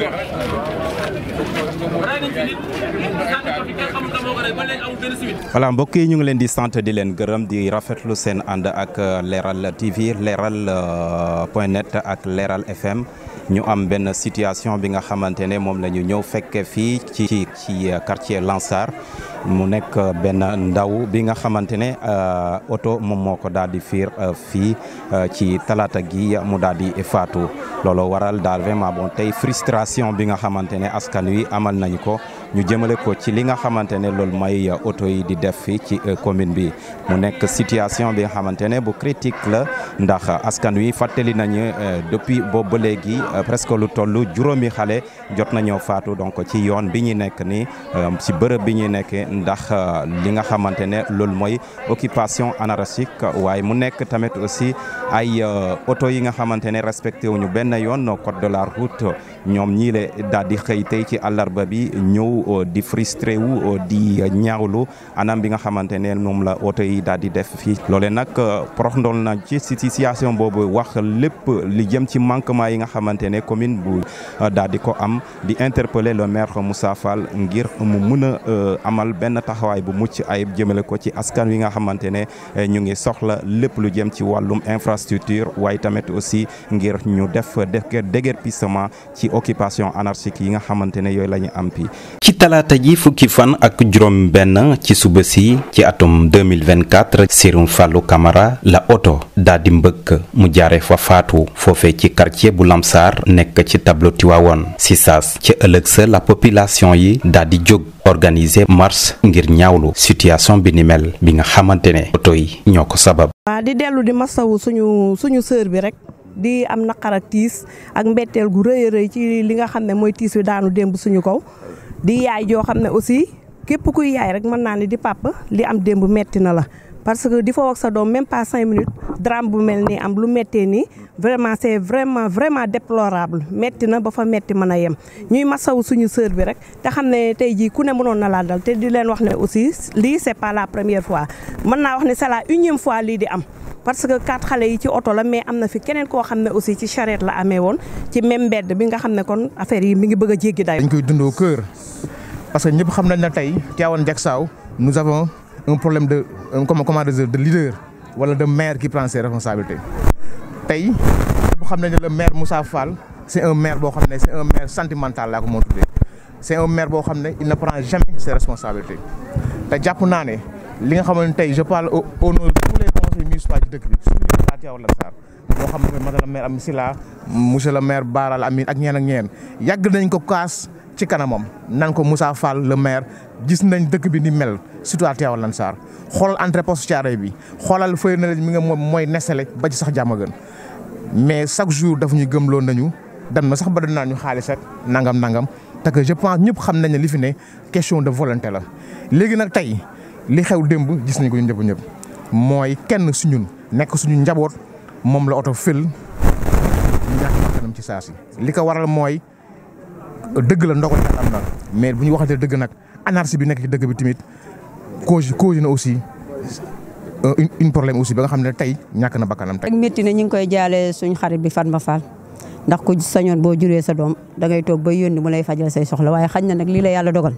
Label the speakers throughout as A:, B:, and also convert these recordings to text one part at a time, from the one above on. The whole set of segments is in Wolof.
A: tuur ray
B: nañ mbokk yi ñu ngi leen di sant di leen gërëm di rafetlu seen ànd ak Leral TV Leral euh, point net ak leeral FM ñu am benn situation bi nga xamante ne moom lañu ñëw fekke fii ci ci quartier Lansar mu nekk benn ndaw bi nga xamante ne euh, oto moom moo ko daal di fiir euh, fii euh, ci talaata gi mu daal di faatu looloo waral daal vraiment bon tey fristration bi nga xamante ne askan wi amal nañ ko ñu jëmale ko ci li nga xamante ne loolu mooy oto yi di def fii ci commune bi mu nekk situation bi nga xamante ne bu critique la ndax askan wi fàttali nañu depuis boobu ba léegi presque lu toll juróomi xale jot nañoo faatu donc ci yoon bi ñu nekk nii ci bërëb bi ñu nekk ndax euh, li nga xamante ne loolu mooy occupation anarchique waaye mu nekk tamit aussi ay oto euh, yi nga xamante ne respecté wuñu benn yoon code de la route ñoom ñii le daal di xëy tey ci àllarba bi ñëw euh, di frustré wu di ñaawlu anam bi nga xamante ne moom la oto yi daal di def fii loole nag prox ndool na ci situation boobu wax lépp li jëm ci manquement yi nga xamante ne commune bu daal di ko am di interpeller le maire Moussa Fall ngir mu mën a amal benn taxawaay bu mucc ayib jëmale ko ci askan wi nga xamante ne eh, ñu ngi soxla lépp lu jëm ci wàllum infrastructure waaye tamit aussi ngir ñu def déguerpissement ci occupation anarchique yi nga xamante ne yooyu la ñu am pi ci talaata ji fukki fan ak juróom benn ci suba si ci atum 2024 Serigne Fallou Camara la oto daal di mbëkk mu jaare fa faatu foofee ci quartier bu Lamsar nekk ci tableau Tivaouane si saas ci ëllëg sa la population yi daal di jóg organiser marche ngir ñawlu situation bi ni mel bi nga xamante ne oto yi ñoo ko sabab.
C: waa di dellu di masawu suñu suñu sœur bi rek. di am naqar ak tiis ak mbetteel gu rëy rëy ci li nga xam ne mooy tiis wi daanu démb suñu kaw di yaay joo xam ne aussi képp kuy yaay rek mën naa ni di papa li am démb metti na la parce que di foo ak sa doom même pas cinq minutes drame bu mel nii am lu méttee nii vraiment c'est vraiment vraiment déplorable métti na ba fa métti mën a yem ñuy masawu suñu sœur bi rek te xam ne tey jii ku ne mënoon na laa dal te di leen wax ne aussi lii c'est pas la première fois mën naa wax ne c'est la unième fois lii di am parce que quatre xale yi ci oto la mais am na fi keneen koo xam ne aussi ci charrette la amee woon ci même mbedd bi nga xam ne kon affaire yi
D: mi ngi bëgg a jéggi dañ koy dundoo kër parce que ñëpp xam nañ ne tey Tivaouane Diacksao nous avons un problème de un comment de de leader wala de maire qui prend ses responsabilités. tey xam nañ ne le maire Moussa Fall c' est maire boo xam ne c' est un maire sentimental laa ko moo maire boo xam ne il ne prend jamais ses responsabilités te jàpp naa ne li nga xam ne tey je parle au au nom de tous les conseils municipaux ci dëkk bi surtout à Tivaouane Sarr moo xam ne madame la maire Amy Sila monsieur le maire Baral Amine ak ñeen ak ñeen yàgg nañ ko kaas. ci kanamam nan ko Moussa Fall le maire gis nañ dëkk bi ni mel surtout à Tivaouane Lansar xool entrepôt Thiaroye bi xoolal fëy na mi nga moom mooy Nestlé ba ci sax jàmm mais chaque jour ñuy gëm gëmloo nañu dem na sax ba doon naa ñu xaalis nangam nangam te que je pense ñëpp xam nañ ne li fi ne question de volonté la. léegi nag tey li xew démb gis nañ ko ñun ñëpp ñëpp mooy kenn ñun nekk suñu njaboot moom la oto fël ñàkk bakkanam ci saa si li ko waral mooy. dëgg la ndogal nag mais bu ñu waxatee dëgg nag anarchie bi nekk ci dëgg bi tamit cause cause na aussi euh, une problème aussi ba nga xam ne tey ñàkk na bakkanam tey.
E: ak métti na ñu ngi koy jaale suñu xarit bi fan Fatma Fall ndax ku sañoon boo juree sa doom dangay toog ba yónni mu lay fajal sa soxla waaye xañ na nag lii la yàlla dogal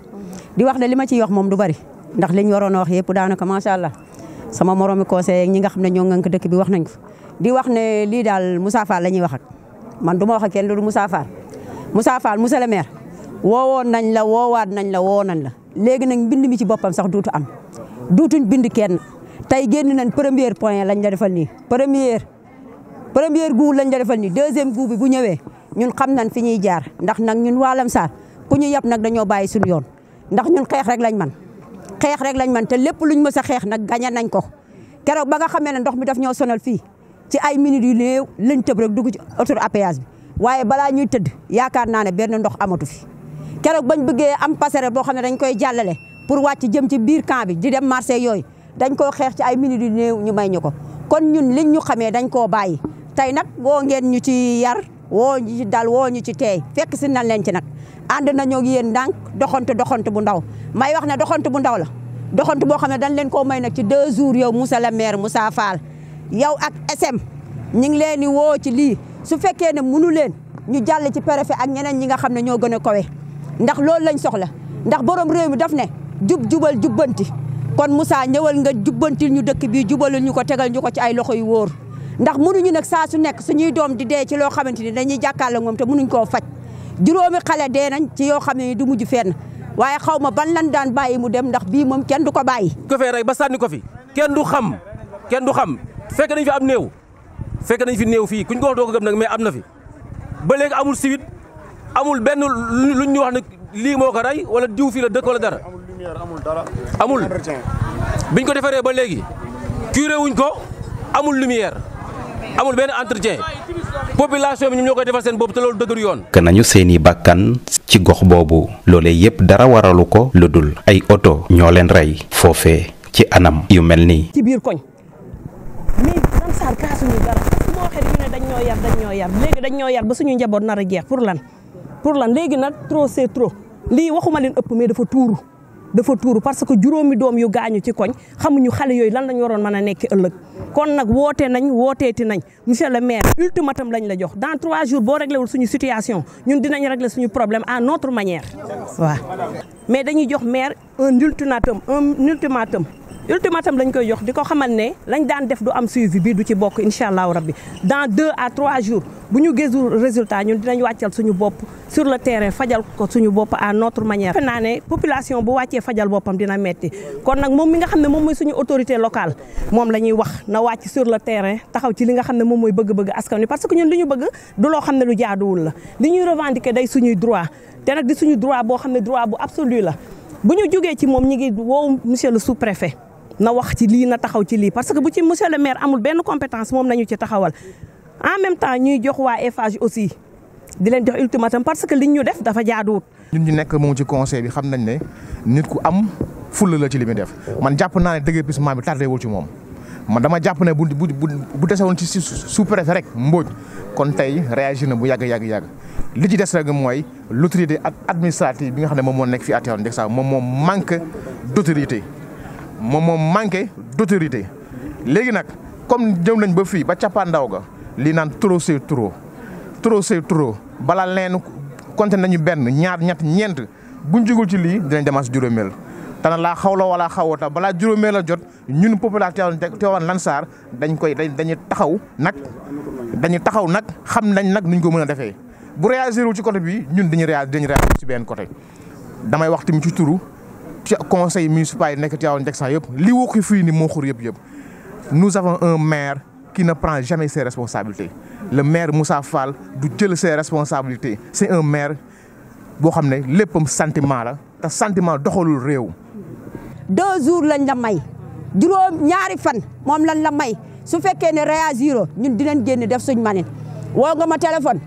E: di wax ne li ma ci wax moom du bari ndax li ñu waroon a wax yëpp daanaka macha allah sama moromi conseil ñi nga xam ne ñoo ngànk dëkk bi wax nañ ko di wax ne lii daal Moussa Fall la ñuy wax ak man du ma wax ak kenn lu Moussa Fall Moussa Fall monsieur le maire woowoon nañ la woowaat nañ la woo nañ la léegi nag mbind mi ci boppam sax duutu am duutuñ bind kenn tey génn nañ premier point lañ la defal nii première première guu lañ la defal nii deuxième guu bi bu ñëwee ñun xam nañ fi ñuy jaar ndax nag ñun waa Lamsar ku ñu yab nag dañoo bàyyi suñu yoon ndax ñun xeex rek lañ man xeex rek lañ man te lépp luñ mës a xeex nag gañe nañ ko keroog ba nga xamee ne ndox mi daf ñoo sonal fii ci ay minutes yu néew lañ tëb rek dugg ci autoroute à bi waaye balaa ñuy tëdd yaakaar naa ne benn ndox amatu fi keroog bañ bëggee am passerelle boo xam ne dañ koy jàllale pour wàcc jëm ci biir camp bi di dem marché yooyu dañ koo xeex ci ay minutes yu néew ñu may ñu ko kon ñun liñ ñu xamee dañ koo bàyyi tey nag woo ngeen ñu ci yar woo ñu ci dal woo ñu ci teey fekk si na leen ci nag ànd nañoo ak yéen ndànk doxantu doxantu bu ndaw may wax na doxantu bu ndaw la doxantu boo xam ne dañ leen koo may nag ci deux jours yow Moussa la maire Moussa Fall yow ak SM ñu ngi leen di ci lii su fekkee ne munu leen ñu jàll ci préfet ak ñeneen ñi nga xam ne ñoo gën a kawe ndax loolu lañ soxla ndax borom réew mi daf ne jub jubal jubbanti kon Moussa ñëwal nga jubbantil ñu dëkk bii jubalul ñu ko tegal ñu ko ci ay loxo yu wóor ndax mënuñu nag saa su nekk su ñuy doom di dee ci loo xamante ni dañuy jàkkaarloog moom te mënuñ koo faj juróomi xale dee
B: nañ ci yoo xam ne du mujj fenn waaye xaw
E: ma ban lan daan bàyyi mu dem ndax bii moom kenn du ko
B: bàyyi. ko fee ba sànni ko fi kenn du xam kenn du xam fekk dañu fi am néew. fekk nañ fi new fii kuñ ko wax doo ko gëm nag mais am na fi ba léegi amul siwit amul benn lu ñu wax ne lii moo ko rey wala diw fii la dëkk wala dara. amul
A: lumière amul dara. amul
B: biñ ko defaree ba léegi curé wuñ ko amul lumière amul benn entretien population bi ñoom ñoo koy defal seen bopp te loolu dëgër yoon. que nañu seeni bàkkan ci gox boobu loolee yépp dara waralu ko lu dul ay oto ñoo leen rey foofe ci anam yu mel nii.
C: ci biir koñ. Sarr kaasuñu dara su ma waxee ñu ne dañ ñoo yar dañ ñoo yar léegi dañ ñoo yar ba suñu njaboot nar a jeex pour lan pour lan léegi nag trop c'est trop lii waxuma leen ëpp mais dafa tuuru dafa tuuru parce que juróomi doom yu gaañu ci koñ a nekk ëllëg kon nag woote nañ wooteeti nañ monsieur le maire ultimatum lañ la jox dans trois jours boo réglé wul suñu situation ñun dinañ réglé suñu problème à notre manière waaw mais dañuy jox maire ultimatum ultimatum ultimatum lañ koy jox di ko xamal ne lañ daan def du am suivi bii du ci bokk incha allahu rabbi dans deux à trois jours bu ñu gisul résultat ñun dinañ wàccal suñu bopp sur le terrain fajal ko suñu bopp à notre manière. defe naa ne population bu wàccee fajal boppam dina metti kon nag moom mi nga xam ne moom mooy suñu autorité local moom la ñuy wax na wàcc sur le terrain taxaw ci li nga xam ne moom mooy bëgg-bëgg askan wi parce que ñun li ñu bëgg du loo xam ne lu jaaduwul la li ñuy revendiquer day suñuy droit te nag suñu droit boo xam ne droit bu absolu la bu ñu jógee ci moom ñi ngi woow monsieur le sous na wax ci lii na taxaw ci lii parce que bu ci monsieur le maire amul benn compétence moom nañu ci taxawal en même temps ñuy jox waa Eiffage aussi di leen jox ultimatum parce que liñ ñu def dafa
D: jaaduwut. ñun ñu nekk moom ci conseil bi xam nañ ne nit ku am fulla la ci li muy def man jàpp naa ne déguerpissement bi tardé wul ci moom man dama jàpp ne bu bu bu desewoon ci sous-préfet rek mbóoj kon tey réagir na bu yàgg yàgg yàgg li ci des rek mooy l'autorité administrative bi nga xam ne moom moo nekk fii à Tivaouane Diacksao moom moo manque moom moom manqué d'autorité léegi nag comme jëm nañ ba fii ba cappaandaw ga lii naan trop c'est trop trop c'est trop balaa leen compté nañu benn ñaar ñett ñeent buñ jugul ci lii dinañ demaas juróomeel tana laa xaw la wala xawata balaa juróomeel a jot ñun population Tivaouane Lansar dañ koy dañuy taxaw nag dañuy taxaw nag xam nañ nag nuñ ko mën a defee bu réagirul ci côté bii ñun dañuy réagir dañuy réagir ci benn côté damay wax tamit ci turu conseil municipal yi nekk Tivaouane Diacksang yëpp li woo ko fii ni moo xur yëpp yëpp nous avons un maire qui na prend jamais ses responsabilités le maire Moussa Fall du jël see responsabilité c'est un maire boo xam ne léppam sentiment la te sentiment doxalul réew.
E: deux jours lañ la may juróom ñaari fan moom lañ la may su fekkee ne réagiroo ñun dinañ génn def suñ manin woo nga ma téléphone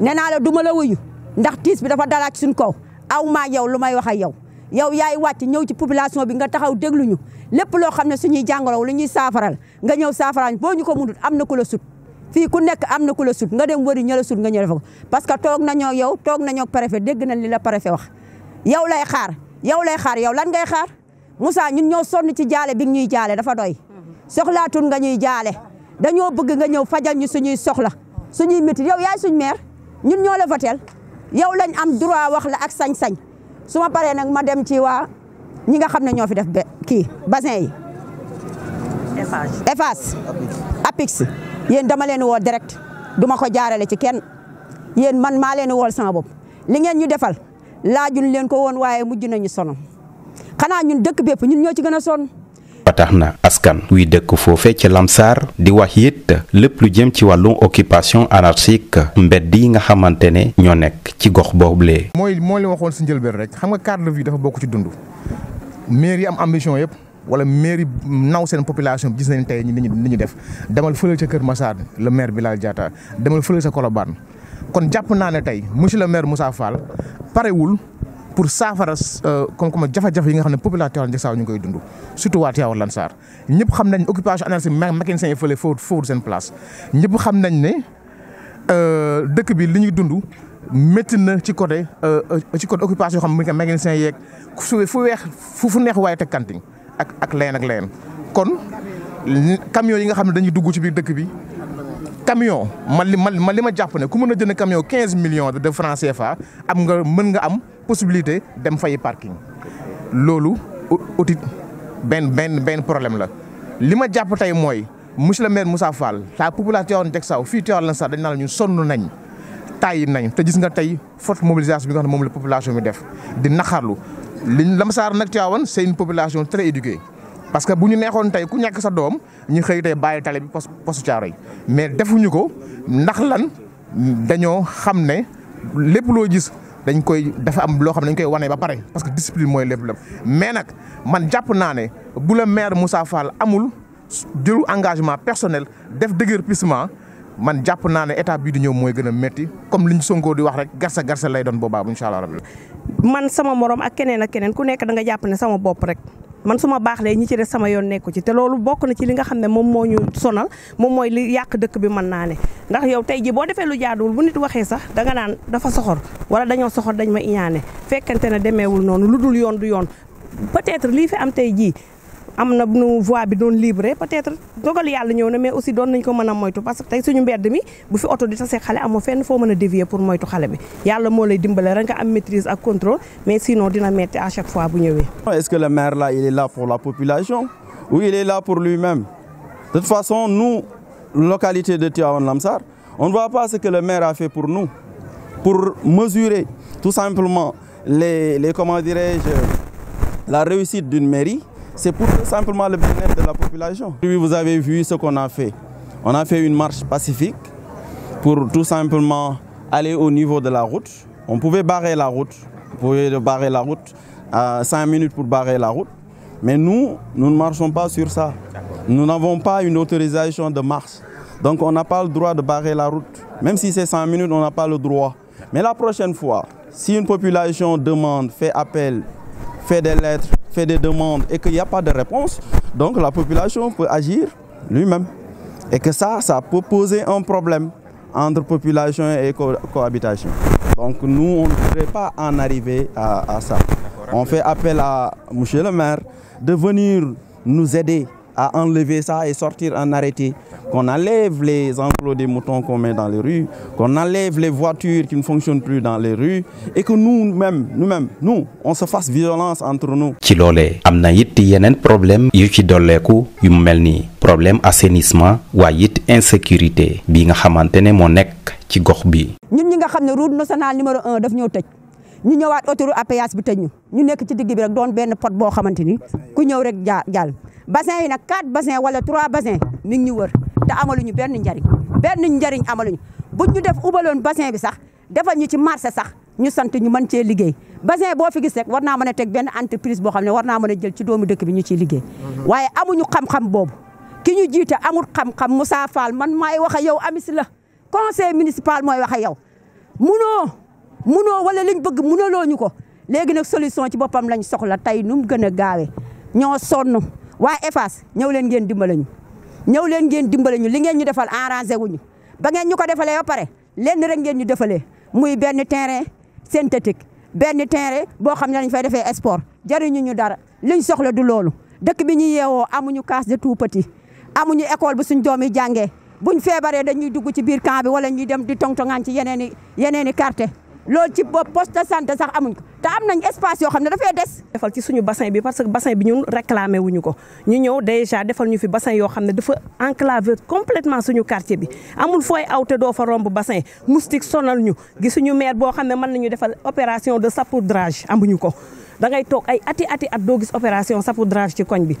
E: nee naa la du ma la wuyu ndax tiis bi dafa dalaat suñ kaw aw maa yow lu may wax ak yow. yow yaay wàcc ñëw ci population bi nga taxaw déglu ñu lépp loo xam ne suñuy jàngoro lu ñuy saafaral nga ñëw saafaraañ boo ñu ko mënut am na ku la sut fii ku nekk am na ku la sut nga dem wëri ña la sut nga ñëw fa ko parce que toog nañoo yow toog nañoo préfet dégg nañ li la préfet wax yow lay xaar yow lay xaar yow lan ngay xaar Moussa ñun ñoo sonn ci jaale bi ñuy jaale dafa doy soxlaatul nga ñuy jaale dañoo bëgg nga ñëw fajal ñu suñuy soxla suñuy métti yow yaay suñ maire ñun ñoo la votel yow lañ am droit wax la ak sañ-sañ su ma paree nag ma dem ci waa ñi nga xam ne ñoo fi def ba kii bassin yi. EFAS APIX yéen dama leen woo direct du ma ko jaarale ci kenn yéen man maa leen wool sama bopp li ngeen ñu defal laajuñ leen ko woon waaye mujj nañu sonn xanaa ñun dëkk bépp ñun ñoo ci gën a sonn.
B: ba tax na askan wi dëkk foofe ci lamsaar di wax it lépp lu jëm ci wàllum occupation anarchique mbedd yi nga xamante ne ñoo nekk ci gox boobule.
D: mooy moo li waxoon si njëlbeen rek xam nga cadre de vie dafa bokk ci dund maire yi am ambition yëpp wala maire yi naw seen population bi gis nañ tey ni ñu def demal fële sa Kër Massar le maire bi Bilal Diatta demal fële sa Colobane kon jàpp naa ne tey monsieur le maire Moussa Fall parewul pour saafara kon ko ma jafe-jafe yi nga xam ne population Ndiakhou Saw ñu ngi koy dund surtout waa Tivaouane Lansar ñëpp xam nañ occupation ANACIM mécanicien yi fële foofu foofu seen place ñëpp ne euh, dëkk bi li ñuy dund métti na ci côté euh, euh, ci côté occupation yoo xam ne mécanicien yeeg su fu weex fu neex waaye teg kanting ak ak leen ak leen kon camion yi nga xam ne dañuy dugg ci biir dëkk bi. camion man li man li ma jàpp ne ku mën a jënd camion quinze millions de francs CFA am nga mën nga am. possibilité dem fay parking loolu outil benn benn benn problème la li ma jàpp tey mooy monsieur le maire Moussa Fall la population teg saw fii Tivaouane Lansar dañ naa la ñu sonn nañ tàyyi nañ te gis nga tey forte mobilisation bi nga ne moom la population bi def di naxarlu liñ Lansar nag Tivaouane c'est une population très éduquée parce que bu ñu neexoon tey ku ñàkk sa doom ñu xëy tey bàyyi tale bi pos posu caaro yi mais defuñu ko ndax lan dañoo xam ne lépp loo gis dañ koy dafa am loo xam dañ koy wane ba pare parce que discipline mooy lépp lépp mais nag man jàpp naa ne bu la maire Moussa Fall amul jëlu engagement personnel def déguerpissement man jàpp naa ne état bii di ñëw mooy gën a métti comme liñ Sonko di wax rek garsa garsa lay doon boobaa incha allah.
C: man sama morom ak keneen ak keneen ku nekk da nga jàpp ne sama bopp rek. man su ma baaxlee ñi ci des sama yoon nekku ci te loolu bokk na ci li nga xam ne moom moo ñu sonal moom mooy li yàq dëkk bi mën naa ne ndax yow tey ji boo defee lu jaaduwul bu nit waxee sax danga naan dafa soxor wala dañoo soxor dañ ma iñaane fekkante ne demeewul noonu lu dul yoon du yoon peut-être lii fi am tey jii am na nu voie bi doon libre peut-être dogal yàlla ñëw na mais aussi doon nañ ko mën a moytu parce que tey suñu mbedd mi bu fi oto di tasee xale amoo fenn foo mën a dévier pour moytu xale bi yàlla moo lay dimbale rek nga am maîtrise ak contrôle mais sinon dina metti à chaque fois bu ñëwee.
A: est-ce que le maire là il est là pour la population ou il est là pour lui-même de toute façon nous localité de Tivaouane Lamsar on ne voit pas ce que le maire a fait pour nous pour mesurer tout simplement les les comment dirais-je la réussite C'est pour simplement le bien-être de la population. Aujourd'hui, vous avez vu ce qu'on a fait. On a fait une marche pacifique pour tout simplement aller au niveau de la route. On pouvait barrer la route. On la route à 5 minutes pour barrer la route. Mais nous, nous ne marchons pas sur ça. Nous n'avons pas une autorisation de marche. Donc on n'a pas le droit de barrer la route. Même si c'est 5 minutes, on n'a pas le droit. Mais la prochaine fois, si une population demande, fait appel, fait des lettres, fait des demandes et qu'il n'y a pas de réponse, donc la population peut agir lui-même. Et que ça, ça peut poser un problème entre population et co cohabitation. Donc nous, on ne pourrait pas en arriver à, à ça. On fait appel à M. le maire de venir nous aider à enlever ça et sortir un arrêté. Qu'on enlève les enclos des moutons qu'on met dans les rues, kon enlève les voitures qui ne fonctionnent plus dans les rues et que nous-mêmes, nous-mêmes, nous, on se fasse violence entre nous.
B: ci loolee am na it yeneen problème yu ci dolleeku yu mu mel nii problème assainissement waaye it insécurité bi nga xamante ne moo nekk ci gox bi.
E: ñu ñu nga xam ne route nationale numéro un daf ñëw tëj. ñu ñëwaat autoroute à péage bi tëj ñu ñu nekk ci digg bi doon benn pot boo xamante ni ku ñëw rek jaa bassin yi nag quatre bassin wala trois bassin mi ngi ñu wër te amaluñu benn njariñ benn njariñ amaluñu buñ ñu def ubaloon basin bi sax defal ñu ci marché sax ñu sant ñu mën cee liggéey basin boo fi gis rek war naa mën a teg benn entreprise boo xam ne war naa mën a jël ci doomu dëkk bi ñu ciy liggéey mhm. waaye amuñu xam boobu ki ñu jiite amul xam-xam Moussa Fall man maay wax ak yow amis la conseil municipal mooy wax ak yow munoo munoo wala liñ bëgg munaloo ñu ko léegi nag solution ci boppam lañ soxla tey nu mu gën a gaawee ñoo sonn waa EFAS ñëw leen ngeen dimbale ñu ñëw leen ngeen dimbale ñu li ngeen ñu defal arrangé wuñu ba ngeen ñu ko defalee ba pare lenn rek ngeen ñu defalee muy benn terrain synthétique benn terrain boo xam ne dañ fay defee sport jariñu ñu dara liñ soxla du loolu dëkk bi ñu yeewoo amuñu case de tout petit amuñu école bu suñ doom yi jàngee buñ feebaree dañuy dugg ci biir camp bi wala ñuy dem di tongtongaan ci yeneen i yeneen i quartier loolu ci bopp poste de santé sax amuñ te am nañ espace yoo xam ne dafay des. defal ci suñu bassin bi parce que bassin bi ñun wu ñu
C: ko ñu ñëw déjà defal ñu fi bassin yoo xam ne dafa enclavé complètement suñu quartier bi amul fooy aw te doo fa romb bassin moustique sonal ñu gisuñu maire boo xam ne mën nañu defal opération de sapoudrage amuñu ko. da ngay toog ay ati ati at doo gis opération sapoudrage ci koñ bi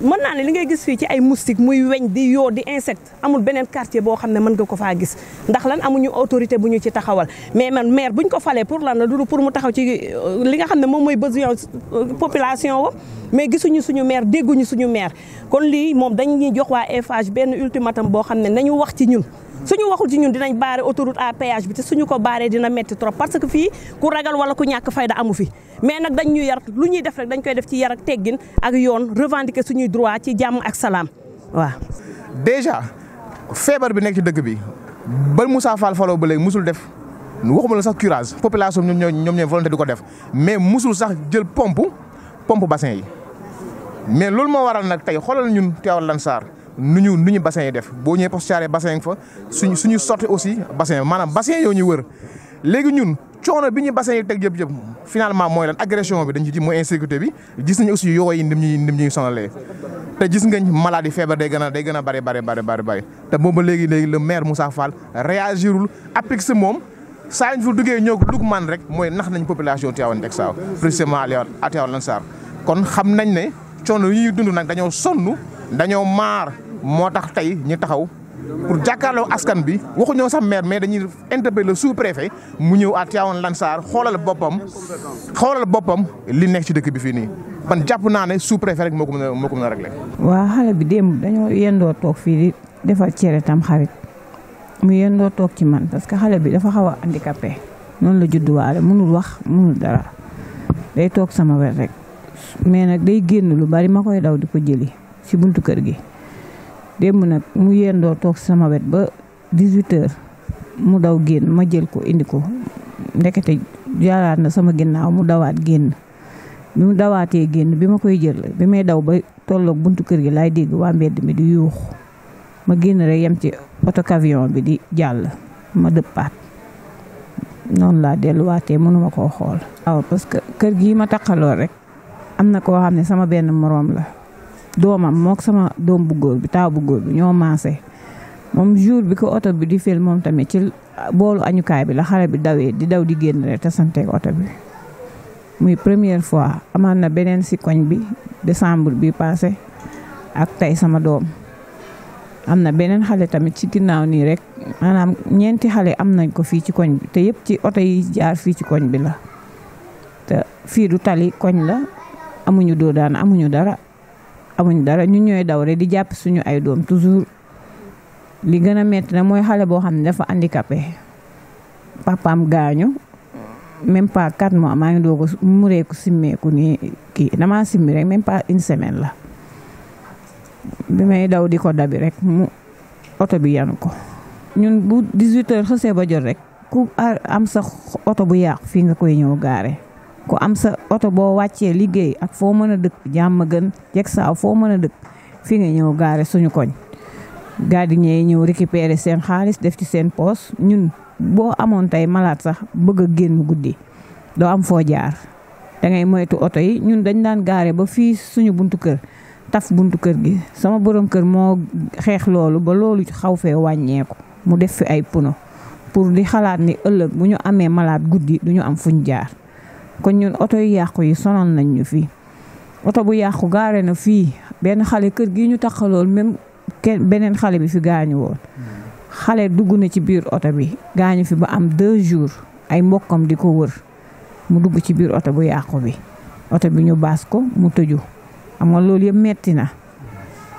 C: mën naa ne li ngay gis fii ci ay moustique muy weñ di yoo di insecte amul beneen quartier boo xam ne mën nga ko faa gis ndax lan amuñu autorité bu ñu ci taxawal mais man maire buñ ko falee pour lan la du pour mu taxaw ci euh, li nga xam ne moom mooy besoin euh, population wa mais gisuñu suñu maire dégguñu suñu maire kon lii moom dañ ñuy jox waa Eiffage benn ultimatum boo xam ne nañu wax ci ñun suñu waxul ci ñun dinañ baare autoroute à péage bi te suñu ko baaree dina metti trop parce que fii ku ragal wala ku ñàkk fayda amu fi mais nag dañ ñuy yar lu ñuy def rek dañ koy def ci yar teggin ak yoon revendiquer suñuy droit ci jàmm ak salaam
D: waaw. déjà feebar bi nekk ci dëkk bi ba Moussa Fall faloo ba léegi musul def waxuma la sax curage population ñoom ñooy ñoom ñooy volonté di ko def mais musul sax jël pompe pompe bassin yi mais loolu moo waral nag tey xoolal ñun Tivaouane Lansar nu ñu nu ñu bassin yi def boo ñëwee Poste Thiaroye bassin fa suñu sot aussi bassin maanaam bassin yoo ñu wër léegi ñun coono bi ñu bassin yi teg yëpp yëpp finalement mooy lan agression bi dañ ci ji mooy bi gis nañ aussi yoo yi ndim ñuy ndim ñuy sonalee te gis ngañ maladie feebar day gën a day gën a bëri bëri bëri bëri bëri te booba léegi léegi le maire Moussa Fall réagirul applique si moom saa ñu fa duggee ñoo dugg man rek mooy nax nañ population Tivaouane teg saaw précisément à Tivaouane Lansar kon xam nañ ne coono yi ñuy dund nag dañoo sonn dañoo maar moo tax tey ñu taxaw pour jàkkaarloo askan bi waxuñoo sax maire mais dañuy interpeller la sous-préfet mu ñëw à Tivaouane Lansar xoolal boppam xoolal boppam li nekk ci dëkk bi fii nii man jàpp naa ne sous-préfet rek moo ko mën a moo ko mën
F: xale bi démb dañoo yendoo toog fii di defal cere tam xarit mu yendoo toog ci man parce que xale bi dafa xaw a handicapé noonu la judduwaale mënul wax mënul dara day toog sama wet rek mais nag day génn lu bari ma daw di ko ci buntu kër gi démb nag mu yendoo toog sama wet ba 18 mu daw génn ma jël ko indi ko ndekete jaaraat na sama ginnaaw mu dawaat génn bi mu dawaatee génn bi ma koy jël bi may daw ba tolloog buntu kër gi laay dégg waa mbedd mi di yuux ma génn rek yem ci oto kavion bi di jàll ma dëppaat noonu laa delluwaatee mënuma koo xool. waaw parce que kër gii ma taxaloon rek am na koo xam ne sama benn moroom la. doomam mook sama doom bu góor bi taaw bu góor bi ñoo maase moom jour bi ko oto bi di fil moom tamit ci boolu añukaay bi la xale bi dawee di daw di génn rek te santeeg oto bi muy première fois amaan na beneen si bi décembre bi passé ak tey sama doom am na beneen xale tamit ci ginnaaw nii rek maanaam ñeenti xale am nañ ko fii ci koñ bi te yëpp ci oto yi jaar fii ci koñ bi la te fii du tali koñ la amuñu doo daan amuñu dara amuñ dara ñu ñooy daw rek di jàpp suñu ay doom toujours li gën a metti na mooy xale boo xam ne dafa handicapé papaam gaañu même pas quatre mois maa ngi doog a mureeku simmeeku nii ki damaa simmi rek même pas une semaine la bi may daw di ko dabi rek mu oto bi yanu ko ñun bu 18 heures xësee ba jot rek ku am sa oto bu yàqu fii nga koy ñëw gaare ku am sa oto boo wàccee liggéey ak foo mën a dëkk jàmm gën jeg saaw foo mën a dëkk fi nga ñëw gaare suñu koñ gardien yi ñëw récupérer seen xaalis def ci seen poos ñun boo amoon tey malaat sax bëgg a génn guddi doo am foo jaar da ngay moytu oto yi ñun dañ daan gaare ba fii suñu buntu kër taf buntu kër gi sama borom kër moo xeex loolu ba loolu xaw fee wàññeeku mu def fi ay puno pour di xalaat ni ëllëg bu ñu amee malaat guddi du ñu am fuñ jaar kon ñun oto yu yàqu yi sonal nañ ñu fii oto bu yàqu gaare na fii benn xale kër gi ñu taxalool même kenn beneen xale bi fi gaañu woon xale dugg na ci biir oto bi gaañu fi ba am deux jours ay mbokkam di ko wër mu dugg ci biir oto bu yàqu bi oto bi ñu baas ko mu tëju xam nga loolu yëpp metti na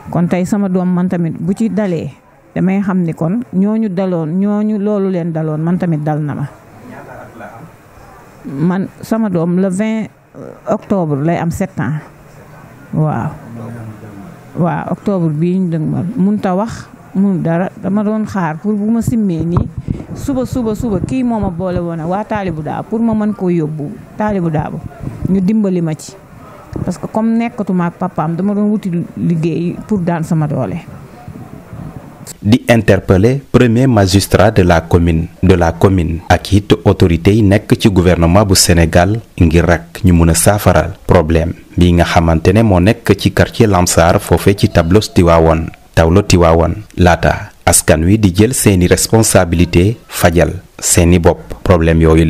F: kon tey sama doom man tamit bu ci dalee damay xam ni kon ñooñu daloon ñooñu loolu leen daloon man tamit dal na la man sama doom la 20 octobre lay am 7 waaw. waaw octobre bii ñu ma mënut a wax mun dara dama doon xaar pour bu ma simmee nii suba suba suba kii moo ma boole woon ak waa Taalibu Daabo pour ma mën koo yóbbu Taalibu Daabo ñu dimbali ma ci. parce que comme nekkatuma ak dama doon wuti liggéey pour daan sama doole.
B: di interpeller premier magistrat de la commune de la commune ak it autorités yi nekk ci gouvernement bu Sénégal ngir rek ñu mun a saafaral problème bi nga xamante ne moo nekk ci quartier Lamsar foofe ci tableau Tivaouane tableau Tivaouane laata askan wi di jël seeni responsabilité fajal seeni bopp problème yooyu